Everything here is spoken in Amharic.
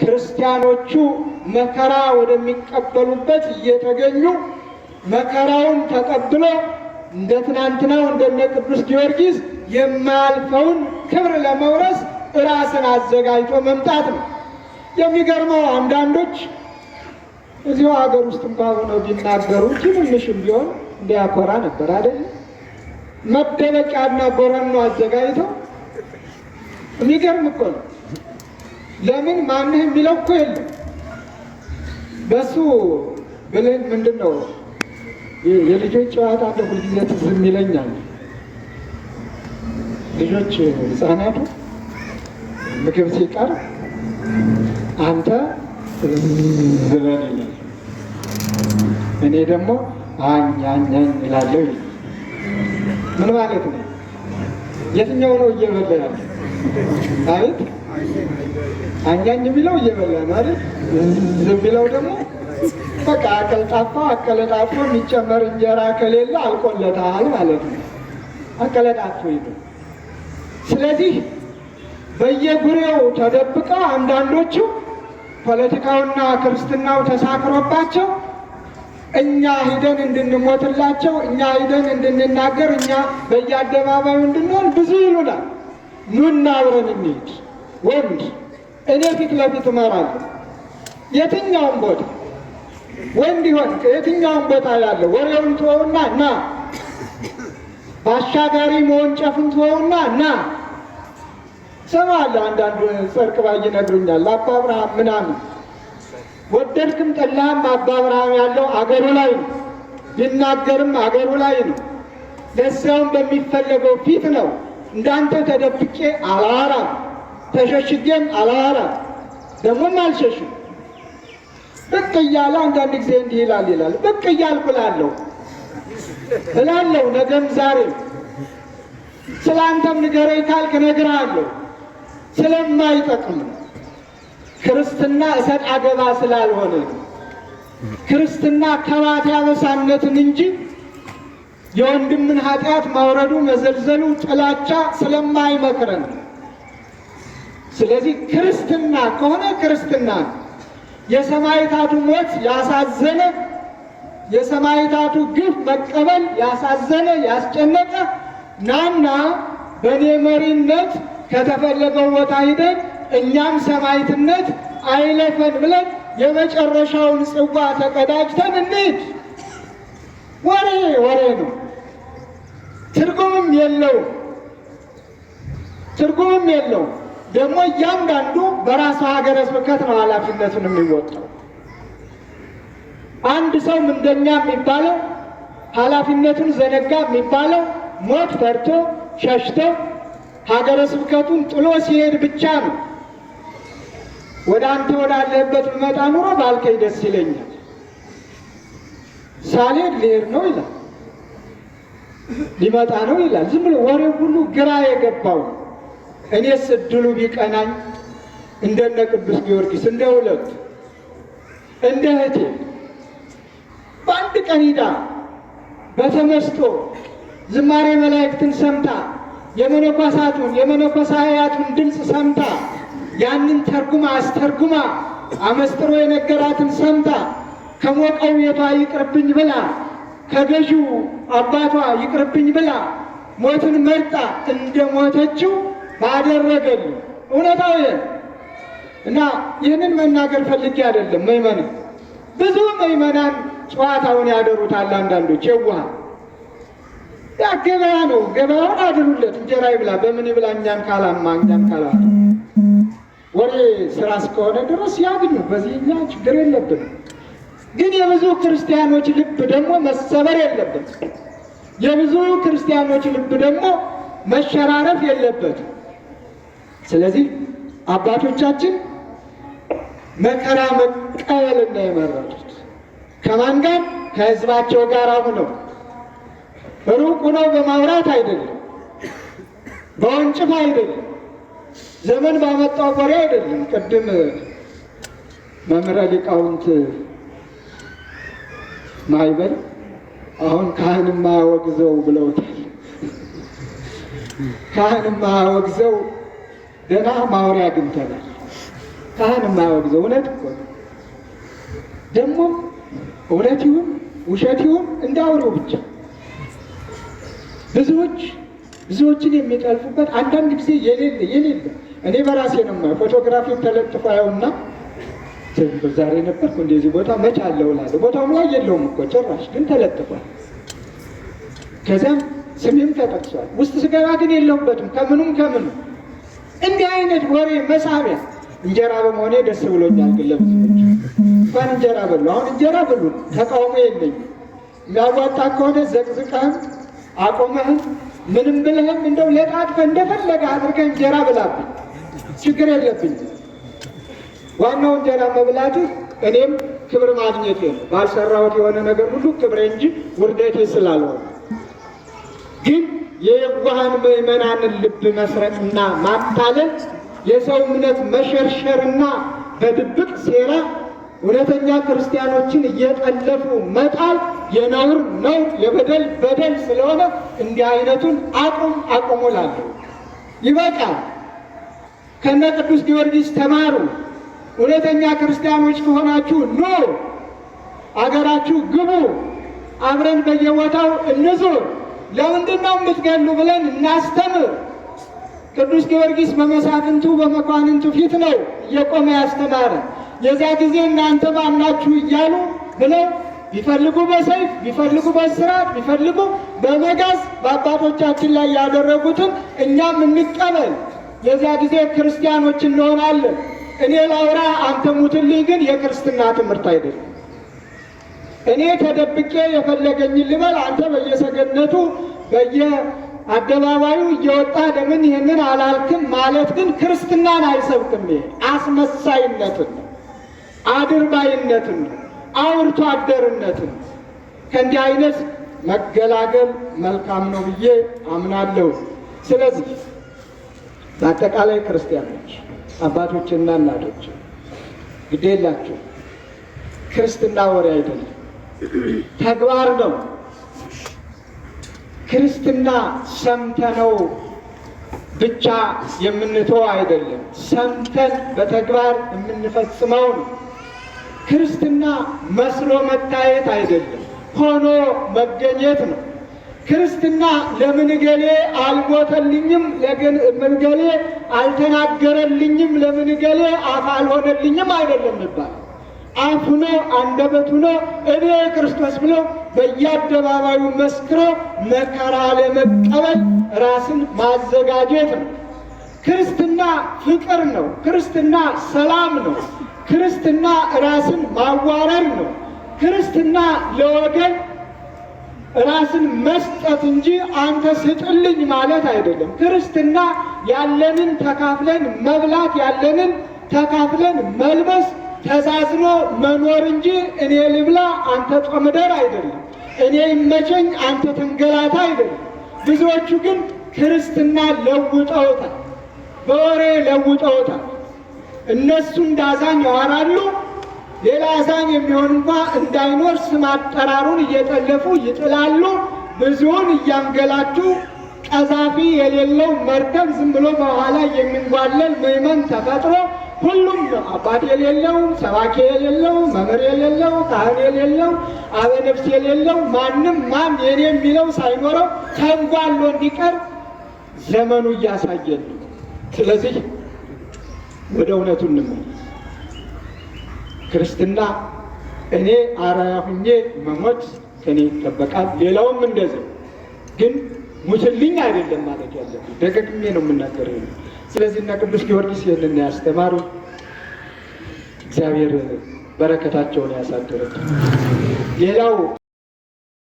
ክርስቲያኖቹ መከራ ወደሚቀበሉበት እየተገኙ መከራውን ተቀብሎ እንደ ትናንትናው እንደነ ቅዱስ ጊዮርጊስ የማያልፈውን ክብር ለመውረስ ራስን አዘጋጅቶ መምጣት ነው። የሚገርመው አንዳንዶች እዚሁ ሀገር ውስጥ እንኳ ቢናገሩ ትንንሽም ቢሆን እንዲያኮራ ነበር አይደለም። መደበቂያና ጎረኖ አዘጋጅተው የሚገርም እኮ ነው። ለምን ማንህ የሚለው እኮ የለም። በሱ ብልህ ምንድን ነው የልጆች ጨዋታ እንደ ሁልጊዜ ትዝም ይለኛል። ልጆች ህፃናቱ ምግብ ሲቀር አንተ ዝበን ይላል፣ እኔ ደግሞ አኛኛኝ ይላለሁ። ምን ማለት ነው? የትኛው ነው እየበላ ያለ? አቤት አንዳንድ ቢለው እየበላ ነው አይደል? ዝም ቢለው ደግሞ በቃ አቀል ጣፋ አቀለ አቀለጣፎ የሚጨመር እንጀራ ከሌለ አልቆለታል ማለት ነው። አቀለ አቀለጣፎ ይሉ። ስለዚህ በየጉሬው ተደብቀው አንዳንዶቹ ፖለቲካውና ክርስትናው ተሳክሮባቸው እኛ ሂደን እንድንሞትላቸው፣ እኛ ሂደን እንድንናገር፣ እኛ በየአደባባዩ እንድንሆን ብዙ ይሉናል። ኑና አብረን እንሂድ ወንድ እኔ ፊት ለፊት እመራለሁ። የትኛውም ቦታ ወንድ ይሆን የትኛውም ቦታ ያለ ወሬውን ትወውና ና በአሻጋሪ መሆን ጨፍን ትወውና ና ስማ አለ። አንዳንዱ ጸርቅ ባይ ይነግሩኛል። አባ አብርሃም ምናምን ወደድክም ጠላህም አባ አብርሃም ያለው አገሩ ላይ ነው። ቢናገርም አገሩ ላይ ነው። ለዚያውም በሚፈለገው ፊት ነው። እንዳንተ ተደብቄ አላራም። ተሸሽጌም አላወራም፣ ደግሞም አልሸሽም። ብቅ እያለ አንዳንድ ጊዜ እንዲህ ይላል ይላል ብቅ እያልኩ እላለሁ እላለሁ ነገም ዛሬም ስለ አንተም ንገረኝ ካልክ እነግርሃለሁ። ስለማይጠቅም ክርስትና እሰጥ አገባ ስላልሆነ ክርስትና ከባት ያበሳነትን እንጂ የወንድምን ኃጢአት ማውረዱ መዘልዘሉ ጥላቻ ስለማይመክረን ስለዚህ ክርስትና ከሆነ ክርስትና የሰማዕታቱ ሞት ያሳዘነ፣ የሰማይታቱ ግፍ መቀበል ያሳዘነ፣ ያስጨነቀ ናና በእኔ መሪነት ከተፈለገው ቦታ ሂደን እኛም ሰማይትነት አይለፈን ብለን የመጨረሻውን ጽዋ ተቀዳጅተን እንሂድ። ወሬ ወሬ ነው፣ ትርጉምም የለውም፣ ትርጉምም የለውም። ደግሞ እያንዳንዱ በራሱ ሀገረ ስብከት ነው ኃላፊነቱን የሚወጣው። አንድ ሰው ምንደኛ የሚባለው ኃላፊነቱን ዘነጋ የሚባለው ሞት ፈርቶ ሸሽቶ ሀገረ ስብከቱን ጥሎ ሲሄድ ብቻ ነው። ወደ አንተ ወዳለህበት ብመጣ ኑሮ ባልከኝ ደስ ይለኛል፣ ሳልሄድ ልሄድ ነው ይላል፣ ሊመጣ ነው ይላል። ዝም ብሎ ወሬው ሁሉ ግራ የገባው ነው። እኔስ ስድሉ ቢቀናኝ እንደነ ቅዱስ ጊዮርጊስ እንደ ሁለቱ እንደ እህቴ በአንድ ቀን ሂዳ በተመስጦ ዝማሬ መላእክትን ሰምታ የመነኮሳቱን የመነኮሳያቱን ድምፅ ሰምታ ያንን ተርጉማ አስተርጉማ አመስጥሮ የነገራትን ሰምታ ከሞቀው ቤቷ ይቅርብኝ ብላ ከገዢው አባቷ ይቅርብኝ ብላ ሞትን መርጣ እንደ ሞተችው ባደረገልን እውነታው እና ይህንን መናገር ፈልጌ አይደለም። መይመናን ብዙ መይመናን ጨዋታውን ያደሩታል። አንዳንዶች የውሃ ያ ገበያ ነው። ገበያውን አድሩለት፣ እንጀራ ይብላ፣ በምን ይብላ? እኛን ካላማ እኛን ካላ ወሬ ስራ እስከሆነ ድረስ ያግኙ። በዚህ እኛ ችግር የለብንም። ግን የብዙ ክርስቲያኖች ልብ ደግሞ መሰበር የለበት። የብዙ ክርስቲያኖች ልብ ደግሞ መሸራረፍ የለበት። ስለዚህ አባቶቻችን መከራ መቀበልና የመረጡት ከማን ጋር ከህዝባቸው ጋር ሁነው ሩቅ ሁነው በማውራት አይደለም፣ በወንጭፍ አይደለም፣ ዘመን ባመጣው ወሬ አይደለም። ቅድም መምህረ ሊቃውንት ማይበል አሁን ካህን ማያወግዘው ብለውታል። ካህን ማያወግዘው ገና ማወሪያ አግኝተናል። ካህን የማያወግዘው እውነት እኮ ደግሞ እውነት ይሁን ውሸት ይሁን እንደ አውሬው ብቻ ብዙዎች ብዙዎችን የሚጠልፉበት አንዳንድ ጊዜ የሌለ የሌለ እኔ በራሴ ነው ፎቶግራፊ ተለጥፎ ያውና ዛሬ ነበርኩ እንደዚህ ቦታ መቼ አለው እላለሁ። ቦታውም ላይ የለውም እኮ ጭራሽ፣ ግን ተለጥፏል። ከዚያም ስሜም ተጠቅሷል። ውስጥ ስገባ ግን የለውበትም ከምኑም ከምኑም እንዲህ አይነት ወሬ መሳቢያ እንጀራ በመሆኔ ደስ ብሎኛል። ግን ለብዙዎች እንኳን እንጀራ በሉ። አሁን እንጀራ በሉ፣ ተቃውሞ የለኝም። የሚያዋጣ ከሆነ ዘቅዝቀህም አቆመህም ምንም ብለህም እንደው ለጣጥፈህ እንደፈለገ አድርገህ እንጀራ ብላብኝ፣ ችግር የለብኝም። ዋናው እንጀራ መብላት እኔም ክብር ማግኘት ነው። ባልሰራሁት የሆነ ነገር ሁሉ ክብሬ እንጂ ውርደቴ ስላልሆነ ግን የየዋሃን ምእመናንን ልብ መስረቅና ማታለል፣ የሰው እምነት መሸርሸርና በድብቅ ሴራ እውነተኛ ክርስቲያኖችን እየጠለፉ መጣል የነውር ነውር፣ የበደል በደል ስለሆነ እንዲህ አይነቱን አቁም አቁሙ ላለሁ ይበቃል። ከነ ቅዱስ ጊዮርጊስ ተማሩ። እውነተኛ ክርስቲያኖች ከሆናችሁ ኑ፣ አገራችሁ ግቡ፣ አብረን በየቦታው እንዙር። ለምንድን ነው የምትገሉ ብለን እናስተምር። ቅዱስ ጊዮርጊስ በመሳፍንቱ በመኳንንቱ ፊት ነው እየቆመ ያስተማረ። የዛ ጊዜ እናንተ ማናችሁ እያሉ ብለው ቢፈልጉ በሰይፍ ቢፈልጉ በስራት ቢፈልጉ በመጋዝ በአባቶቻችን ላይ ያደረጉትን እኛም እንቀበል። የዛ ጊዜ ክርስቲያኖች እንሆናለን። እኔ ላውራ አንተ ሙትልኝ፣ ግን የክርስትና ትምህርት አይደለም። እኔ ተደብቄ የፈለገኝ ልበል፣ አንተ በየሰገነቱ በየአደባባዩ እየወጣ ለምን ይህንን አላልክም ማለት ግን ክርስትናን አይሰብክም። አስመሳይነትን ነው፣ አድርባይነትን ነው፣ አውርቶ አደርነትን ነው። ከእንዲህ አይነት መገላገል መልካም ነው ብዬ አምናለሁ። ስለዚህ በአጠቃላይ ክርስቲያኖች አባቶችና እናቶች ግዴላችሁ ክርስትና ወሬ አይደለም። ተግባር ነው። ክርስትና ሰምተነው ብቻ የምንተው አይደለም፣ ሰምተን በተግባር የምንፈጽመው ነው። ክርስትና መስሎ መታየት አይደለም፣ ሆኖ መገኘት ነው። ክርስትና ለምን እገሌ አልሞተልኝም፣ ለምን እገሌ አልተናገረልኝም፣ ለምን እገሌ አፍ አልሆነልኝም አይደለም ይባል አፉ ነው አንደበቱ ነው እኔ ክርስቶስ ብሎ በየአደባባዩ መስክሮ መከራ ለመቀበል ራስን ማዘጋጀት ነው። ክርስትና ፍቅር ነው። ክርስትና ሰላም ነው። ክርስትና ራስን ማዋረድ ነው። ክርስትና ለወገን ራስን መስጠት እንጂ አንተ ስጥልኝ ማለት አይደለም። ክርስትና ያለንን ተካፍለን መብላት፣ ያለንን ተካፍለን መልበስ ተዛዝኖ መኖር እንጂ እኔ ልብላ አንተ ጦምደር አይደለም። እኔ ይመቸኝ አንተ ትንገላታ አይደለም። ብዙዎቹ ግን ክርስትና ለውጠውታል፣ በወሬ ለውጠውታል። እነሱ እንደ አዛኝ ያወራሉ። ሌላ አዛኝ የሚሆን እንኳ እንዳይኖር ስም አጠራሩን እየጠለፉ ይጥላሉ። ብዙውን እያንገላችሁ ቀዛፊ የሌለው መርከብ ዝም ብሎ በኋላ የሚንጓለል ምዕመን ተፈጥሮ ሁሉም አባት የሌለው ሰባኪ የሌለው መምህር የሌለው ካህን የሌለው አበ ነፍስ የሌለው ማንም ማን የኔ የሚለው ሳይኖረው ተንጓሎ እንዲቀር ዘመኑ እያሳየን ነው። ስለዚህ ወደ እውነቱ እንመ- ክርስትና እኔ አርአያ ሁኜ መሞት ከኔ ይጠበቃል። ሌላውም እንደዚህ ግን ሙትልኝ አይደለም ማለት ያለብን፣ ደጋግሜ ነው የምናገር ስለዚህ እና ቅዱስ ጊዮርጊስ ይህንን ያስተማሩ እግዚአብሔር በረከታቸውን ያሳድርብን። ሌላው